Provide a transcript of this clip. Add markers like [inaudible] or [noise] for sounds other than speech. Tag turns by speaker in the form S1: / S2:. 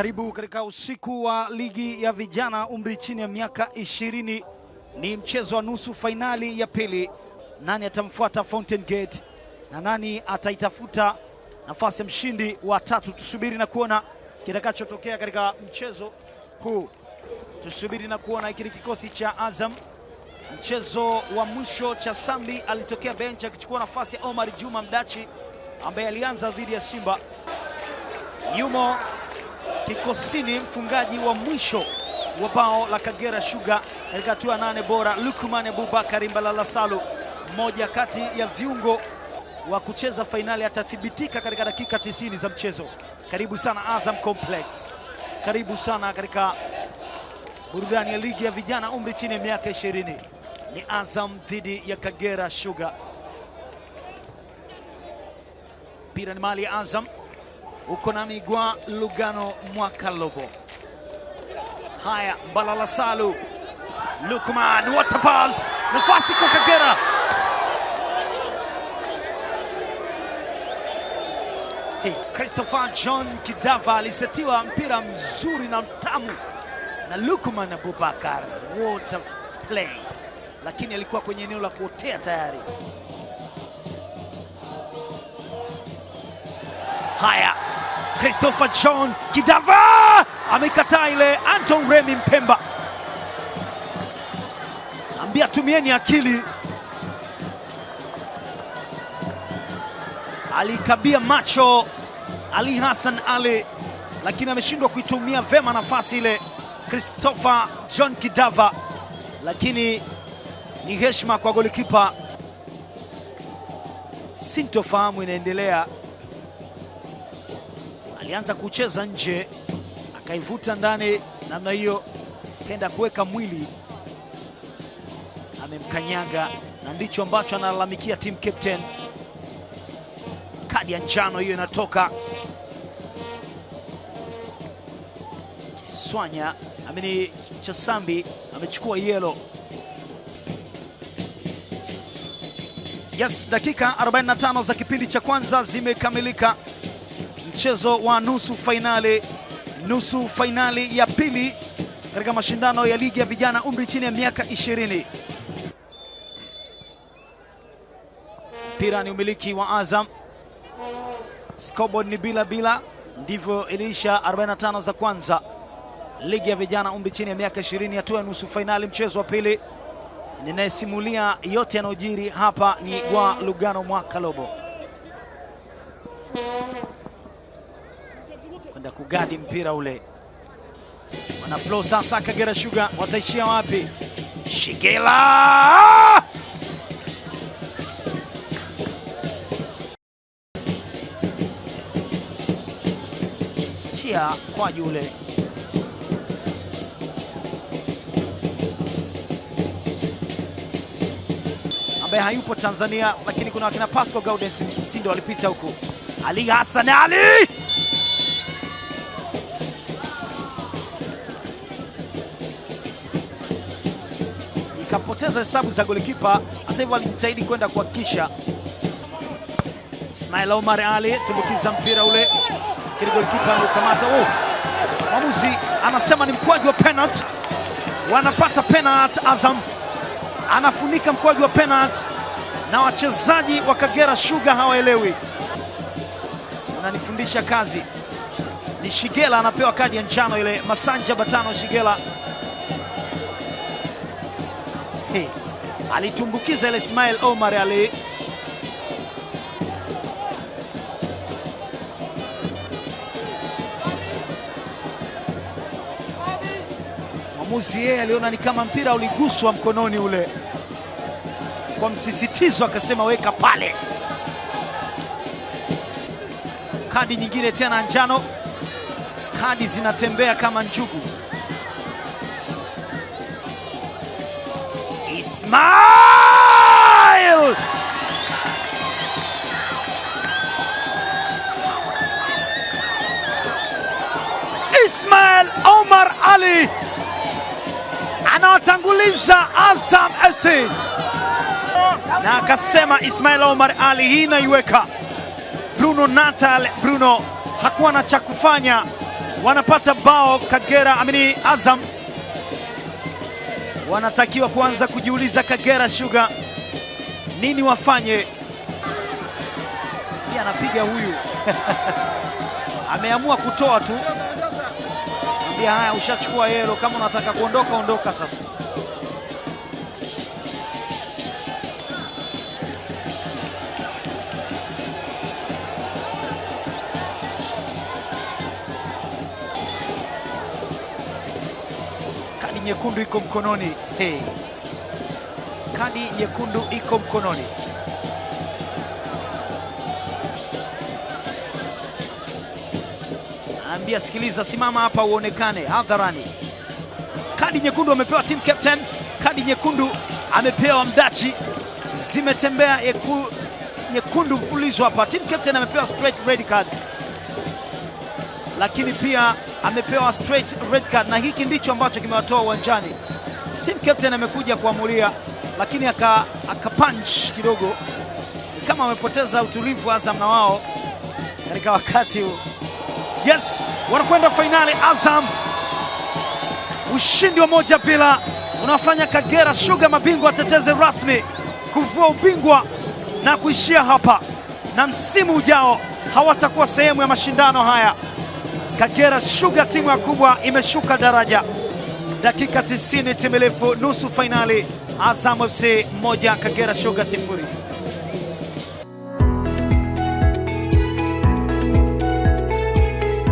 S1: Karibu katika usiku wa ligi ya vijana umri chini ya miaka ishirini. Ni mchezo wa nusu fainali ya pili. Nani atamfuata Fountain Gate na nani ataitafuta nafasi ya mshindi wa tatu? Tusubiri na kuona kitakachotokea katika mchezo huu. Tusubiri na kuona. Hiki ni kikosi cha Azam. Mchezo wa mwisho cha Sambi alitokea bench akichukua nafasi ya Omar Juma Mdachi ambaye alianza dhidi ya Simba. Yumo kikosini, mfungaji wa mwisho wa bao la Kagera Sugar katika hatua nane bora Lukman Abubakar Mbalala Salu, mmoja kati ya viungo wa kucheza fainali, atathibitika katika dakika 90 za mchezo. Karibu sana Azam Complex, karibu sana katika burudani ya ligi ya vijana umri chini ya miaka 20. Ni Azam dhidi ya Kagera Sugar, mpira ni mali ya Azam. Ukonami gwa Lugano Mwakalobo. Haya, Mbalala Salu, Lukman, what a pass! Nafasi kwa Kagera, Christopher John Kidava alisetiwa mpira mzuri na mtamu na Lukman Abubakar, what a play, lakini alikuwa kwenye eneo la kuotea tayari. Haya, Christopher John Kidava amekataa ile. Anton Remi Mpemba ambia tumieni akili, alikabia macho Ali Hassan Ali, lakini ameshindwa kuitumia vema nafasi ile. Christopher John Kidava, lakini ni heshima kwa golikipa. Sintofahamu inaendelea alianza kucheza nje akaivuta ndani namna hiyo, kenda kuweka mwili, amemkanyaga na ndicho ambacho analalamikia team captain. Kadi ya njano hiyo inatoka Kiswanya, amini Chasambi amechukua yelo. Yes, dakika 45 za kipindi cha kwanza zimekamilika mchezo wa nusu fainali nusu fainali ya pili katika mashindano ya ligi ya vijana umri chini ya miaka 20 Mpira ni umiliki wa Azam, scoreboard ni bila bila. Ndivyo iliisha 45 za kwanza ligi ya vijana umri chini ya miaka 20 hatua ya nusu fainali mchezo wa pili. Ninayesimulia yote yanayojiri hapa ni wa Lugano Mwakalobo kwenda kugadi mpira ule. Wana flow sasa, Kagera Sugar wataishia wapi? Shigela chia kwa yule ambaye hayupo Tanzania, lakini kuna wakina pasco Gaudens Msindo walipita huku Ali Hassan Ali akapoteza hesabu za golikipa. Hata hivyo alijitahidi kwenda kuhakikisha. Ismail Omar Ali tumbukiza mpira ule, lakini golikipa anaukamata. Oh, mwamuzi anasema ni mkwaju wa penalty, wanapata penalty. Azam anafunika mkwaju wa penalty, na wachezaji wa Kagera Sugar hawaelewi. Ananifundisha kazi ni Shigela, anapewa kadi ya njano ile. Masanja Batano Shigela hey, alitumbukiza ile Ismail Omar Ali. Mwamuzi yeye aliona ni kama mpira uliguswa mkononi ule, kwa msisitizo akasema weka pale. Kadi nyingine tena njano, kadi zinatembea kama njugu. Smile! Ismail Omar Ali anawatanguliza Azam FC na akasema Ismail Omar Ali, hii inaiweka Bruno Natal. Bruno hakuwa na cha kufanya, wanapata bao Kagera amini Azam wanatakiwa kuanza kujiuliza Kagera Sugar nini wafanye. Pia anapiga huyu [laughs] ameamua kutoa tu, ambia haya, ushachukua yelo, kama unataka kuondoka ondoka sasa. nyekundu iko mkononi hey. Kadi nyekundu iko mkononi. Ambia sikiliza, simama hapa uonekane hadharani. Kadi nyekundu amepewa team captain, kadi nyekundu amepewa mdachi, zimetembea yeku, nyekundu mfululizo hapa. Team captain amepewa straight red card lakini pia amepewa straight red card, na hiki ndicho ambacho kimewatoa uwanjani. Team captain amekuja kuamulia, lakini aka, aka punch kidogo, kama amepoteza utulivu Azam na wao katika wakati huu. Yes, wanakwenda fainali. Azam ushindi wa moja bila unafanya Kagera Sugar mabingwa ateteze rasmi kuvua ubingwa na kuishia hapa, na msimu ujao hawatakuwa sehemu ya mashindano haya. Kagera Sugar, timu ya kubwa imeshuka daraja. Dakika 90 timilifu, nusu fainali, Azam FC moja Kagera Sugar sifuri.